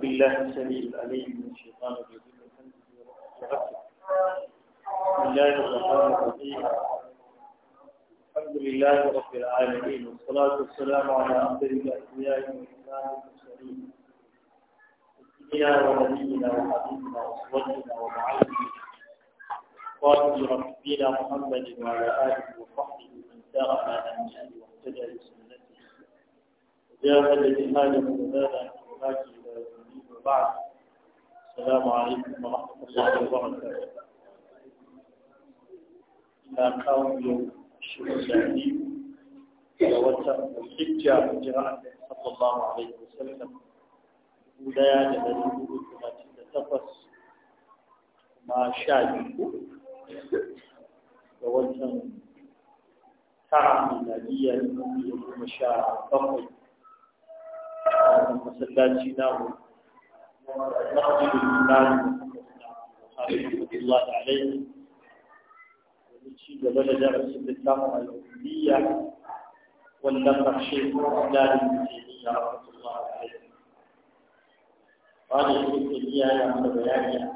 بالله السميع العليم من الشيطان الرجيم بسم الله الرحمن الرحيم الحمد لله رب العالمين والصلاة والسلام على أفضل الأنبياء والإسلام المرسلين سيدنا ونبينا وحبيبنا وصوتنا ومعلمنا قائد ربنا محمد وعلى آله وصحبه من سار على نهجه واهتدى بسنته وجاهد جهاده وزاد عن بعد السلام عليكم ورحمة الله وبركاته إلى قوم الشهر العليم ووتر الحجة من جراءة صلى الله عليه وسلم ولا يقول ثلاثين تفس ما شاء ووتر ترى ميلادية يوم شاء بقي مسلاتي نامو وأشرف الإسلام وخالد الله عليه ونشيد بلد رأس الإسلام والنفر شيخ رحمة الله عليه قال ابن تيمية يعمل بيان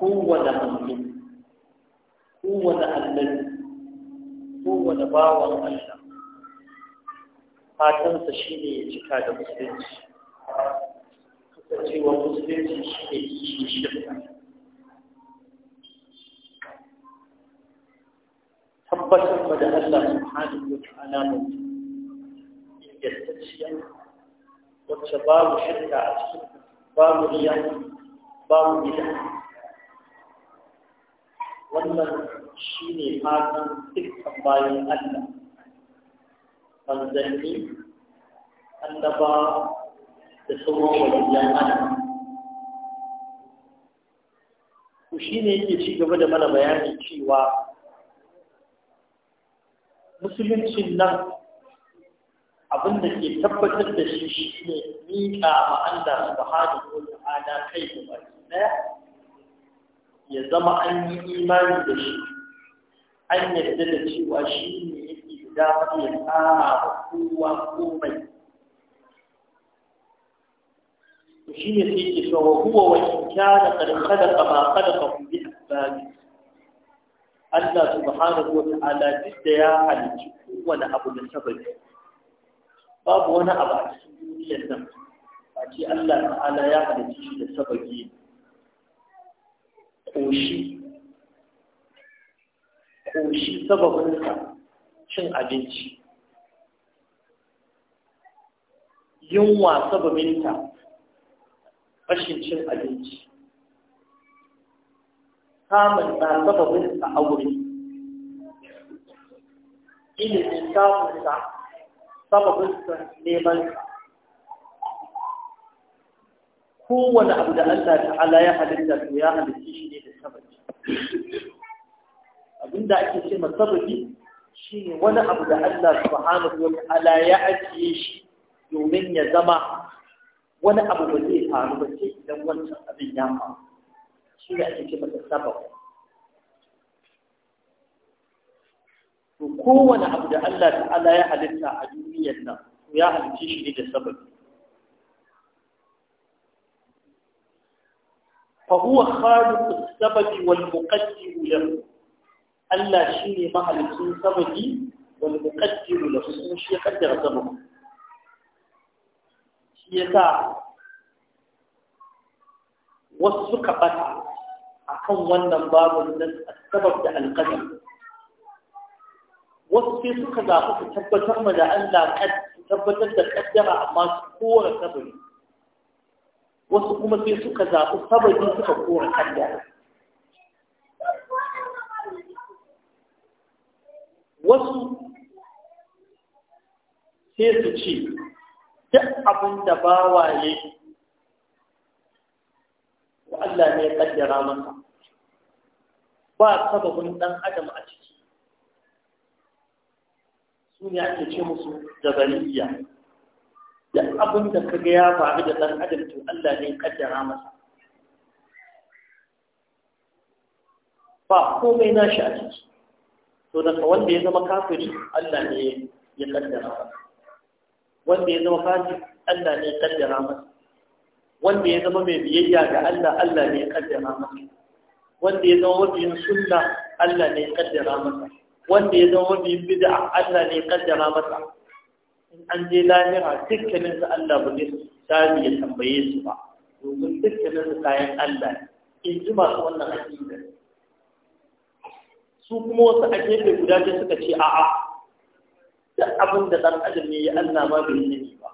قوة مظلوم قوة الذي قوة باوى الله fatansa shi ne ya cika da musulunci kasancewa musulunci shi ne kishi shirka tabbatar ma da Allah subhanahu wa ta'ala mutum ingantacciya wacce babu shirka a cikin babu riya babu gida wannan shi ne fatan dukkan bayan Allah manzanni annaba da sauran wajen ku shi ne yake ci gaba da mana bayanin cewa musuluncin nan abinda ke tabbatar da shi shi ne miƙa su Allah subhanahu wa ta'ala kai da ɗaya ya zama an yi imani da shi an yarda da cewa shi ne ya faɗi ya tsara kowa komai to shi ne sai ke cewa huwa wa in kana qad khalaqa ma khalaqa bi asbabi Allah subhanahu wa ta'ala duk da ya halicci kowane abu da sababi babu wani abu a cikin duniyar nan a ce Allah ta'ala ya halicci shi da sababi ƙoshi ƙoshi sababinsa cin abinci yunwa sababinta rashin cin abinci samun na sababinsa aure ilimin samunsa neman nemansa kowane abu da Allah ala ya halitta to ya halitta shi ne da sababi abinda ake ce ma shi wani abu da Allah subhanahu wa ta'ala ya ajiye shi domin ya zama wani abu ba zai faru ba sai idan wancan abin ya faru shi ne ake ce masa sabab to kowane abu da Allah ta'ala ya halitta a duniyar nan to ya halitta shi ne da sababi فهو sababi السبب والمقدر له Allah shi ne mahalicin sababi wani muƙaddiru da su shi ya kaddara sababi shi ya sa wasu suka bata a kan wannan babu nan sabab da alƙadar wasu sai suka zafi su tabbatar ma da Allah tabbatar da kaddara amma su kora sabari wasu kuma sai suka zafi sabari suka kora kaddara wasu sai su ce duk abin da waye da Allah ne ya ƙaddara masa ba sababin ɗan adam a ciki su ne ake ce musu da jabaliya duk abin da kaga ya faru da ɗan adam to Allah ne ya ƙaddara masa ba komai nashi a ciki to daga wanda ya zama kafiri Allah ne ya kaddara masa wanda ya zama fasik Allah ne ya kaddara masa wanda ya zama mai biyayya ga Allah Allah ne ya kaddara masa wanda ya zama mabiyin sunna Allah ne ya kaddara masa wanda ya zama mabiyin bid'a Allah ne ya kaddara masa in an je lahira dukkanin su Allah ba zai ya tambaye su ba domin dukkanin su kayan Allah in ji masu wannan aƙidar su kuma wasu a gefe guda ce suka ce a'a duk abin da ɗan adam ne ya Allah ma bai yi ba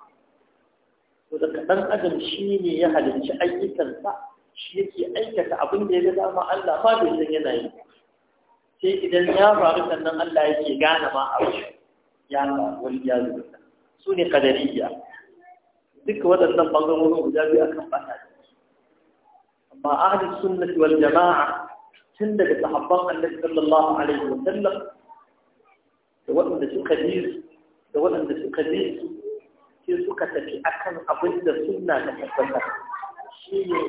to daga ɗan adam shi ne ya halinci ayyukansa shi yake aikata abin da ya ga dama Allah ba bai san yana yi sai idan ya faru sannan Allah yake gane ma abu ya faru wani ya zo su ne kadariya duka waɗannan bangarorin guda biyu akan ta amma ahlus sunnati wal jama'a tun daga sahabban allah sallallahu alaihi wa sallam da waɗanda suka bi da waɗanda suka bi su sai suka tafi akan abin da sunna ta tabbata shi ne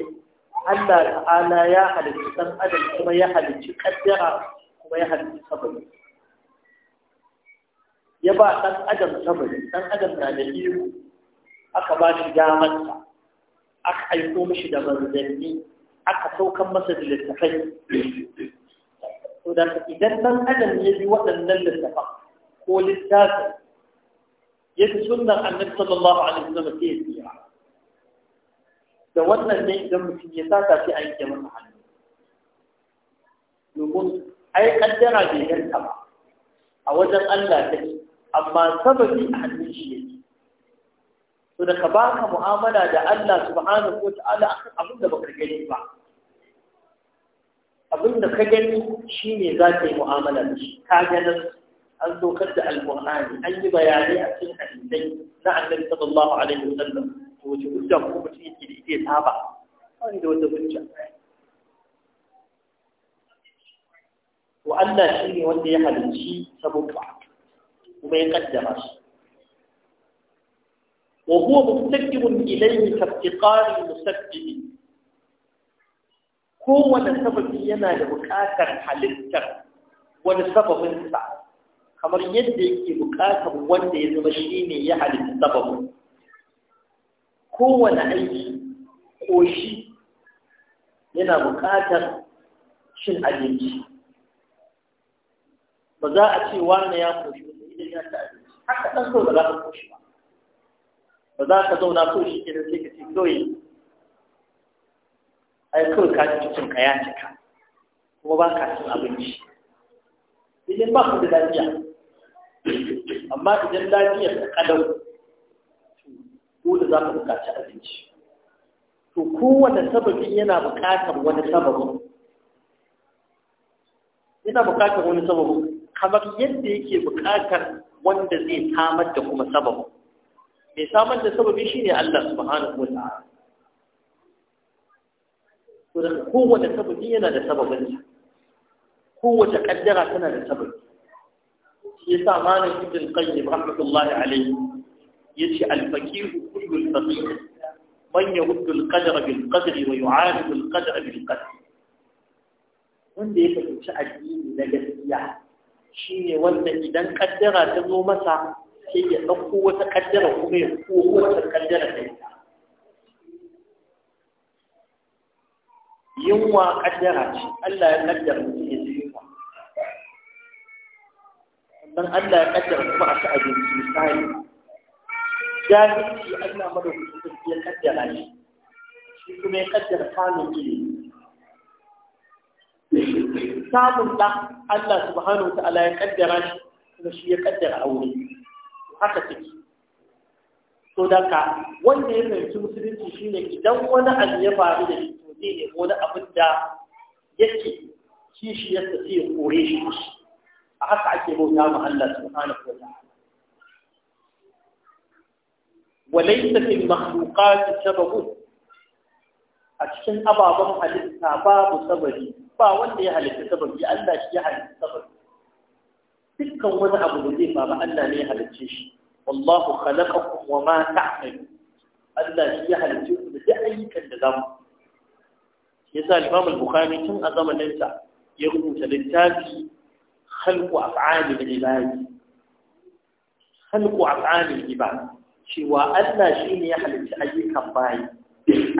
Allah ta'ala ya halicci ɗan adam kuma ya halicci kaddara kuma ya halicci sabari ya ba ɗan adam sabari ɗan adam na da iko aka ba shi damarsa aka aiko mishi da manzanni aka saukan masa da littafai to da idan dan adam ya bi waɗannan littafan ko littafin ya fi sunnan annabi sallallahu alaihi sallam sai ya tsira da wannan ne idan mutum ya sata sai a yanke masa hannu domin ai kaddara bai ganta ba a wajen Allah take amma sababi a hannun shi yake to da ka baka mu'amala da Allah subhanahu wata'ala akan abin da baka gani ba abin da ka gani shine za ka yi mu'amala da shi ka ganin an dokar da alƙur'ani an yi bayanai a cikin hadisai na annabi sallallahu alaihi wasallam to wace hujja ko mutum yake da ita ta ba wani da wata hujja wa Allah shine wanda ya halicci sabuwa kuma ya kaddara shi وهو مفتقر إليه كافتقار المسبب هو سبب ينا لبكاتر حلتر ولسبب انسع kamar yadda yake bukatar wanda ya zama shi ne ya halitta sababin kowane aiki ko shi yana bukatar cin abinci ba za a ce wannan ya koshi idan ya ta abinci haka ɗan kawai ba za ka koshi ba ba za ka zauna ko shi da sai ka ce kawai ai kawai ka ci cin ka ya cika kuma ba ka cin abinci idan ba ku da lafiya amma idan lafiyar ka kadau da za ka buƙaci abinci to kowane sababin yana buƙatar wani sababin yana buƙatar wani sababin kamar yadda yake buƙatar wanda zai samar da kuma sababin mai samar da sababi shine Allah subhanahu wa ta'ala to da kowace sababi yana da sababinsa kowace kaddara tana da sababi shi sa malam ibn qayyim rahmatullahi alayhi yace al-faqih kullu al-faqih man yurdu al-qadra bil qadri wa yu'aridu al-qadra bil qadri wanda ya fahimci addini na gaskiya shine wanda idan kaddara ta zo masa sai ya ɗauko wata kaddara kuma ya ko wata kaddara da ita yunwa kaddara ce Allah ya kaddara mutum ya ji yunwa sannan Allah ya kaddara kuma a ci abinci misali jahilci Allah madaukakin sarki ya kaddara shi shi kuma ya kaddara samun ilimi samun da Allah subhanahu wa ta'ala ya kaddara shi kuma shi ya kaddara aure haka take to daga wanda ya fahimci musulunci shine idan wani abu ya faru da shi to zai nemo wani abin da yake kishi ya tafi ya kore shi a haka ake bauta ma Allah subhanahu wa ta'ala وليس في المخلوقات سبب a cikin ababen halitta babu sabari ba wanda ya halitta sabari Allah shi ya halitta sabari dukkan wani abu da zai faru Allah ne ya halicce shi wallahu khalaqakum wa ma ta'malu Allah shi ya halicce ku da duk ayyukan da zamu yasa Imam al-Bukhari tun a zamanin sa ya rubuta littafi khalqu af'ali al-ibad khalqu af'ali al-ibad cewa Allah shi ne ya halicci ayyukan bayi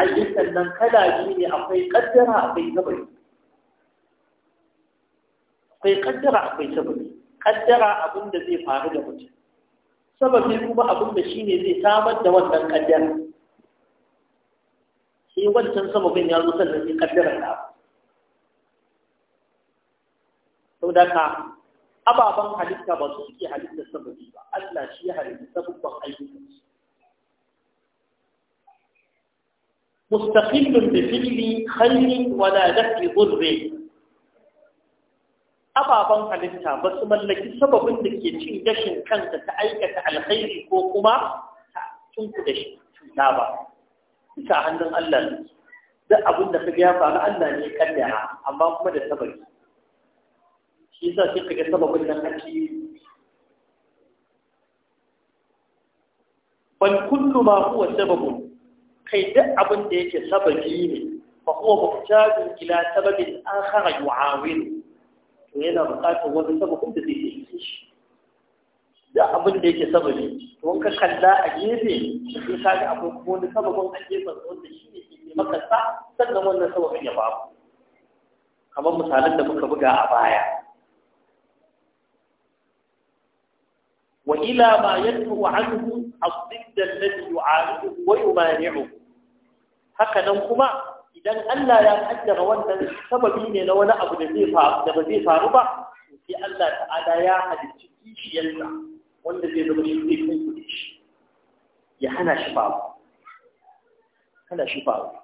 ayyukan nan kala shi ne akwai kaddara akwai sabari akwai kaddara akwai sabari kaddara abin da zai faru da mutum sababin kuma abin da shi ne zai samar da wannan kaddara sai wancan sababin ya zo sannan sai kaddara da abu da ka ababen halitta ba su suke halitta sababi ba Allah shi ya halitta sababban ayyukan su مستقل da خير ولا دفع ضر ababen halitta ba su mallaki sababin da ke cin gashin kansa ta aikata alkhairi ko kuma ta ku da shi cuta ba bisa hannun Allah ne duk abin da kaga ya faru Allah ne ya kaddara amma kuma da sababi shi yasa sai kaga sababin nan ake bal kullu ma huwa sababu kai duk abin da yake sababi ne fa huwa muhtajun ila sababin akhar yu'awinu to yana buƙatar wani sababin da zai yi shi da abin da yake sababi to wanka kalla a gefe sai ka ga akwai kuma wani sababin a gefe wanda shi ne ke maka sa sannan wannan sababin ya babu kamar misalan da muka buga a baya wa ila ma yadfu anhu as-sidd alladhi yu'aridu wa yumani'u haka nan kuma idan Allah ya kaddara wannan sababi ne na wani abu da zai faru da ba zai faru ba sai Allah ta'ala ya halicci kishiyarsa wanda zai zama shi zai kai kuɗi shi ya hana shi Babu. hana shi faru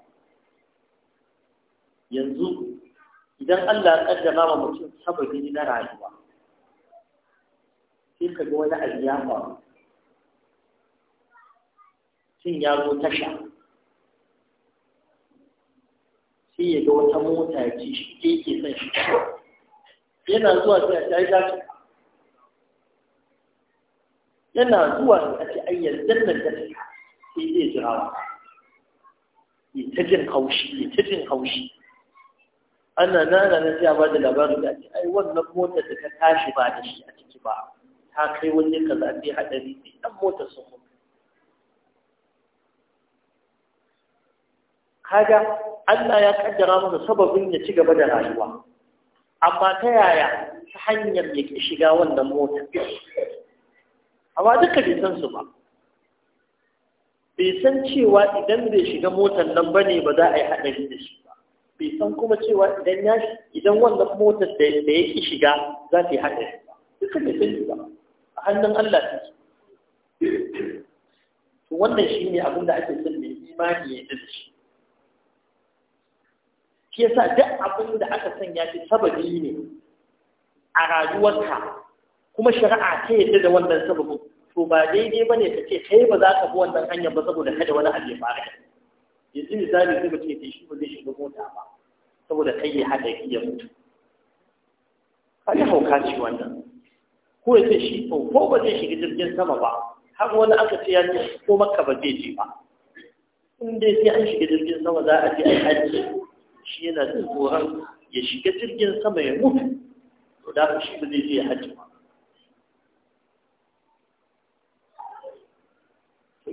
yanzu idan Allah ya kaddara wa mutum sababi na rayuwa sai ka ga wani abu ya faru sun ya zo tasha sai ya ga wata mota ya ce shi ke ke son shi yana zuwa sai a tashi tashi yana zuwa a ce ai yanzu nan da sai zai jira wa ya ta jin haushi ya ta jin haushi ana nana na sai a ba da labarin da ake ai wannan motar da ka tashi ba da shi a ciki ba ta kai wani kaza sai hadari sai dan motar sun kaga Allah ya kaddara masa sababin ya ci gaba da rayuwa amma ta yaya ta hanyar ya ke shiga wannan mota amma duka bai san su ba bai san cewa idan bai shiga motar nan ba ne ba za a yi haɗari da shi ba bai san kuma cewa idan ya idan wannan motar da ya ki shiga za ta yi haɗari ba duka bai san ba a hannun Allah ta ce. wannan shi ne abin da ake son mai imani ya shi shi yasa duk abin da aka sanya shi sababi ne a rayuwarka kuma shari'a ta yadda da wannan sababin to ba daidai bane ka ce kai ba za ka bi wannan hanyar ba saboda kada wani abu ya faru yanzu misali sai ba ce ta shi ba zai shiga mota ba saboda kai ya hada ya mutu yi hauka ce wannan ko ya ce shi to ko ba zai shiga jirgin sama ba har wani aka ce ya ce ko makka ba zai je ba in dai sai an shiga jirgin sama za a je a hajji shi yana da tsoron ya shiga jirgin sama ya mutu to da shi ba zai je hajji ba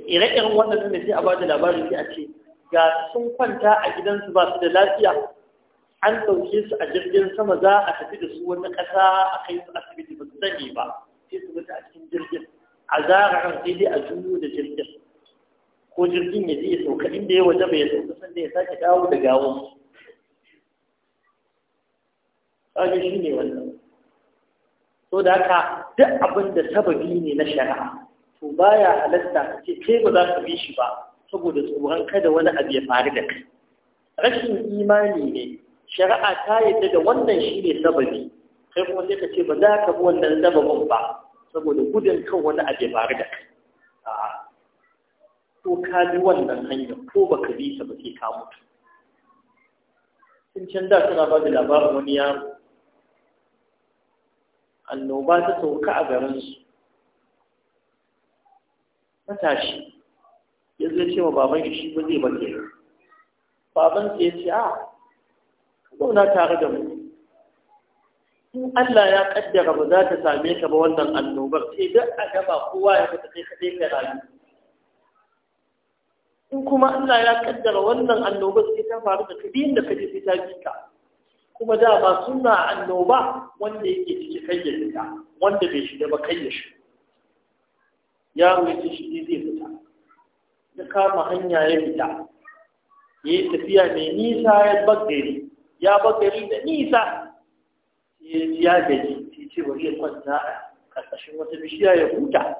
ire-iren wannan da sai a da labarin sai a ce ga sun kwanta a gidansu ba su da lafiya an ɗauke su a jirgin sama za a tafi da su wani ƙasa a kai su asibiti ba su sani ba sai su mutu a cikin jirgin a zara ran sai dai a juyo da jirgin ko jirgin ya je ya sauka inda ya waje bai sauka sanda ya sake dawo da gawon kaga shi ne wannan so da haka duk abin da sababi ne na shari'a to baya halatta ka ce kai ba za ka bi shi ba saboda tsoron kada wani abu ya faru da kai rashin imani ne shari'a ta yadda da wannan shi ne sababi kai kuma sai ka ce ba za ka bi wannan sababin ba saboda gudun kan wani abu ya faru da kai a'a ko ka bi wannan hanyar ko ba ka bi ta ba sai ka mutu sun can da suna ba da labarin wani yaro annoba ta sauka a garinsu matashi ya zai ce wa baban shi shi ba zai ba baban sai ya ce a zauna tare da mu in Allah ya kaddara ba za ta same ka ba wannan annobar sai duk a gaba kowa ya fita kai kaɗai ka rayu in kuma Allah ya kaddara wannan annobar sai ta faru da kadi da kaje sai ta bi ka kuma dama suna annoba wanda yake cikin kai wanda bai shiga ba kayyashi. ya shiga yaro ce shi zai fita ya kama hanya ya fita ya yi tafiya mai nisa ya bagari ya bagari da nisa ya ji ya gaji ya ce bari ya kwanta a ƙarƙashin wata bishiya ya huta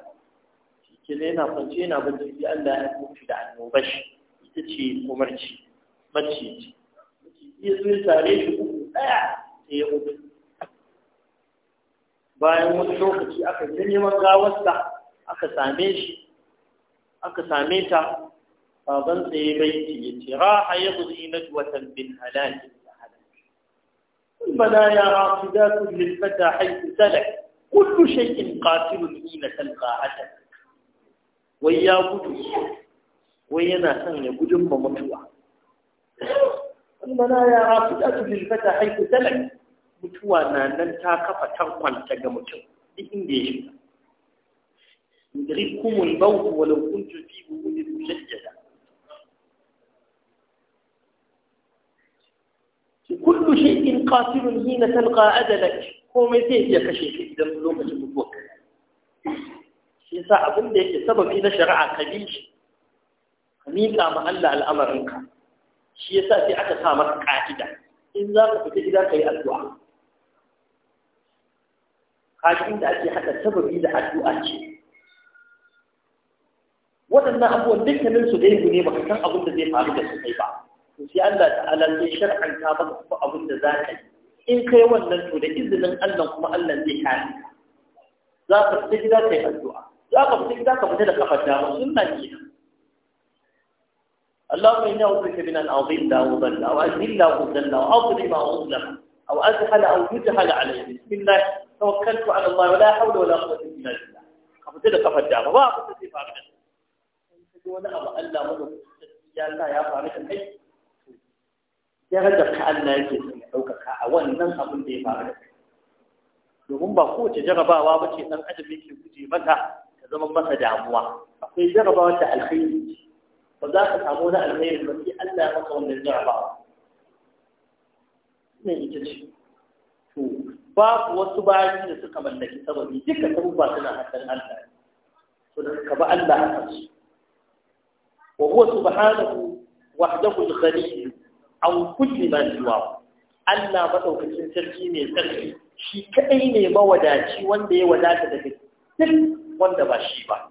shi ke yana kwance yana bacci sai Allah ya kuma da annobar shi ita ce umarci mace ce ya zo ya tare shi tsaya sai ya mutu bayan wani lokaci aka yi neman gawarsa aka same shi aka same ta baban sai baiti ya ce raha ya buzi na watan bin halali المنايا راصدات للفتى حيث سلك كل شيء قاتل حين تلقى عدد ويا gudu wai yana son ya gudun ba mutuwa ya da su jirfe ta حيث dalai mutuwa na nan ta kafa tankwanta ga mutum duk inda ya shiga yudrikumul mawt wani kuntum fi buhunin su kullu shi in shay'in qatilun hina talqa adalak komai zai iya kashe shi idan lokacin mutuwa shi yasa abin da yake sababi na shari'a ka bi shi ka miƙa ma Allah al'amarinka shi yasa sai aka sa maka ka'ida in za ka fita gida ka yi addu'a ka'idin da ake haɗa sababi da addu'a ce waɗannan abubuwan dukkanin su dai ne baka san abin da zai faru da su kai ba to sai Allah ta'ala sai shar'anta maka kuma abin da za ka yi in kai wannan to da izinin Allah kuma Allah zai kare za ka fita gida ka yi addu'a za ka fita gida ka fita da kafar dama sunna kenan اللهم إني أعوذ بك من أن أضل أو أضل أو أذل أو أضل أو أظلم أو أظلم أو أجهل أو يجهل علي بسم الله توكلت على الله ولا حول ولا قوة إلا بالله قبل ذلك قد جاء ما قد ولا ألا مدو يا الله يا فارس الحي يا رجل كأن يجي كأول من أقول دي فارس domin ba kowace jarabawa ba ce ɗan adam yake guje mata ta zama masa ba za ka samu wani alheri ba sai Allah ya maka wannan jarabawa ne ita ce to babu wasu bayi da suka mallaki sababi duka sabubba suna hakan Allah to da ka ba Allah haka su wa huwa subhanahu wahdahu al-ghani an kulli ma siwa Allah madaukakin sarki ne sarki shi kadai ne mawadaci wanda ya wadata daga duk wanda ba shi ba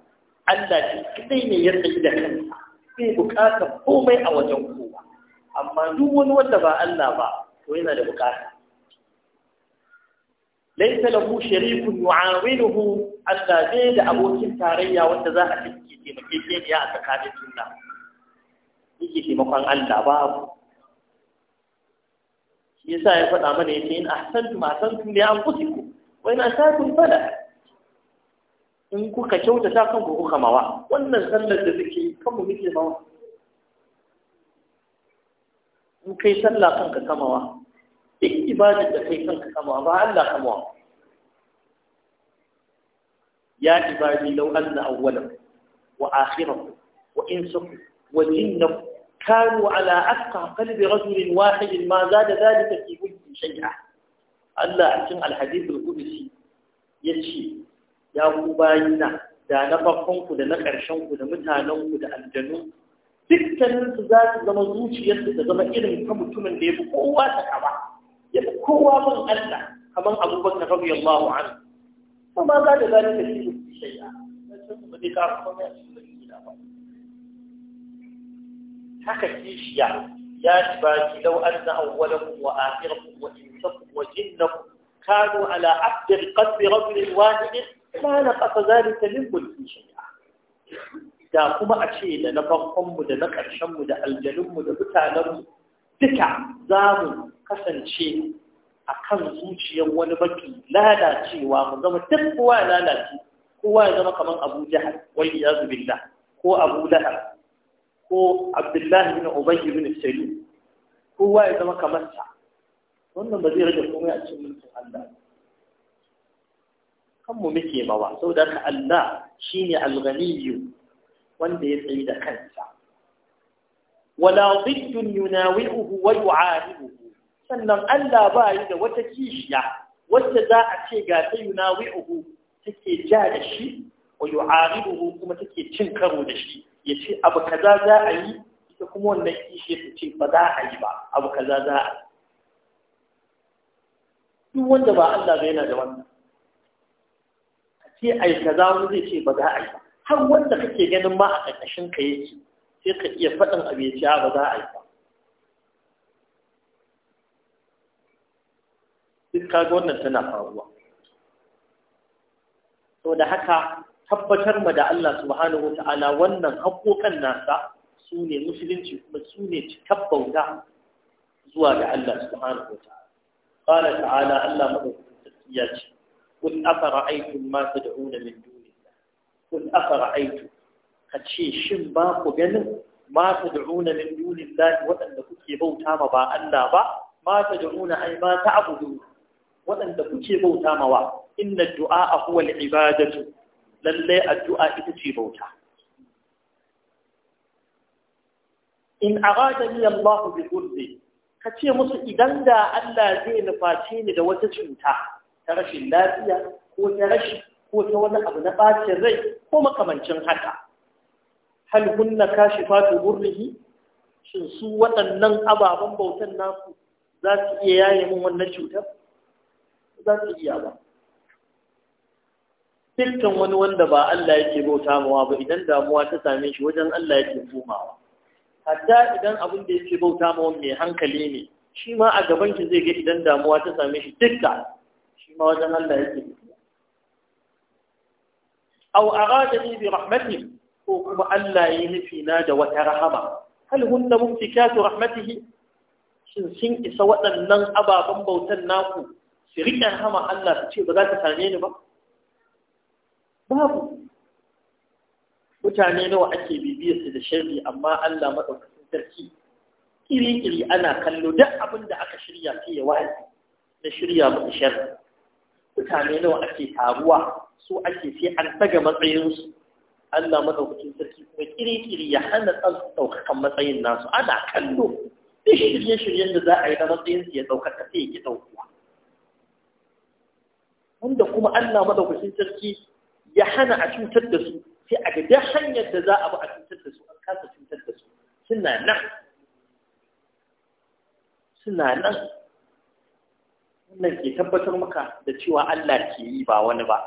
Allah shi kadai ne yarda da kansa bai bukatar komai a wajen kowa amma duk wani wanda ba Allah ba to yana da bukata laisa lahu sharikun yu'awinuhu Allah bai da abokin tarayya wanda za a tafi taimake ke ya a tsakanin juna yake taimakon Allah babu shi yasa ya faɗa mana yace in ahsantum ahsantum li anfusikum wa sa tun fada in kuka kyauta ta kanku kuka mawa wannan sallar da suke kanmu mu muke mawa in kai sallah kanka kamawa duk ibadar da kai kanka kamawa ba Allah kamawa ya ibadi law anna awwalakum wa akhirakum wa insakum wa jinnakum كانوا على أفقه قلب رجل واحد ما زاد ذلك في وجه شيئا cikin أحسن الحديث القدسي يشي ya ku bayina da na ku da na karshen ku da mutanen ku da aljanu su za su zama zuciyar su da zama irin ka mutumin da ya fi kowa ta kaba ya fi kowa bin Allah kamar Abu Bakar yallahu an kuma za da za ta fi shayya ba zai kafa kuma ya ci gida ba haka kishiya ya ci ki lau an na awwalakum wa akhirakum wa insakum wa jinnakum kanu ala عبد qadri رجل واحد la na kafa zalika min kulli shay'a da kuma a ce da na farkon da na ƙarshenmu, da aljanunmu, da mutanenmu, mu duka za mu kasance a kan zuciyar wani baki lalacewa mu zama duk kowa ya lalace kowa ya zama kamar abu jahal wai ya zubilla ko abu lahar ko abdullahi bin ubay bin salu kowa ya zama kamar sa wannan ba zai rage komai a cikin mulkin Allah kanmu muke mawa da haka Allah ne al-ghaniyyu wanda ya tsaye da kansa wala dhiddun yunawi'uhu wa yu'aribuhu sannan Allah ba yi da wata kishiya wacce za a ce ga ta yunawi'uhu take ja da shi wa yu'aribuhu kuma take cin karo da shi yace abu kaza za a yi ita kuma wannan kishiya ta ce ba za a yi ba abu kaza za a yi duk wanda ba Allah ba yana da wannan sai a yi kaza wani zai ce ba za a yi ba har wanda kake ganin ma a ƙarƙashin ka yake sai ka iya faɗin abu ya ce ba za a yi ba duk ga wannan tana faruwa saboda haka tabbatar ma da Allah subhanahu wata'ala wannan haƙoƙan nasa su ne musulunci kuma su ne cikar bauta zuwa ga Allah subhanahu wata'ala qala ta'ala Allah madaukakin sarki قل أفرأيتم ما تدعون من دون الله قل أفرأيتم kace shin ba ku ganin ma tad'una min dunillahi waɗanda kuke bauta ma ba Allah ba ma tad'una ay ma ta'budu waɗanda kuke bauta ma wa inna du'a huwa al-ibadatu lalle addu'a ita ce bauta in arada ni Allah bi dhurri kace musu idan da Allah zai nufaci ni da wata cuta ta rashin lafiya ko ta rashi ko ta wani abu na bacin rai ko makamancin haka hal kunna fatu burrihi shin su waɗannan ababen bautan naku za su iya yaye min wannan cutar za su iya ba filtan wani wanda ba Allah yake bauta mawa ba idan damuwa ta same shi wajen Allah yake komawa hatta idan abin da yake bauta mawa mai hankali ne shi ma a gaban ki zai ga idan damuwa ta same shi dukka ma wajen Allah yake aw aradani bi rahmatihi ko kuma Allah ya nufi na da wata rahama hal hunna mumtikatu rahmatihi shin sun isa waɗannan ababen bautan naku su riƙe rahama Allah su ce ba za ta same ni ba babu mutane nawa ake bibiyar da sharri amma Allah madaukakin sarki kiri-kiri ana kallo duk abin da aka shirya sai ya wa'azi na shirya muku sharri mutane nawa ake taruwa su ake sai an daga matsayinsu Allah madaukakin sarki kuma kiri-kiri ya hana tsansu ɗaukakan matsayin nasu ana kallo duk shirye-shiryen da za a yi na matsayinsu ya ɗaukaka sai ya ki ɗaukuwa wanda kuma Allah madaukakin sarki ya hana a cutar da su sai a ga hanyar da za a bi a cutar da su an kasa cutar da su suna nan suna nan wannan ke tabbatar maka da cewa Allah ke yi ba wani ba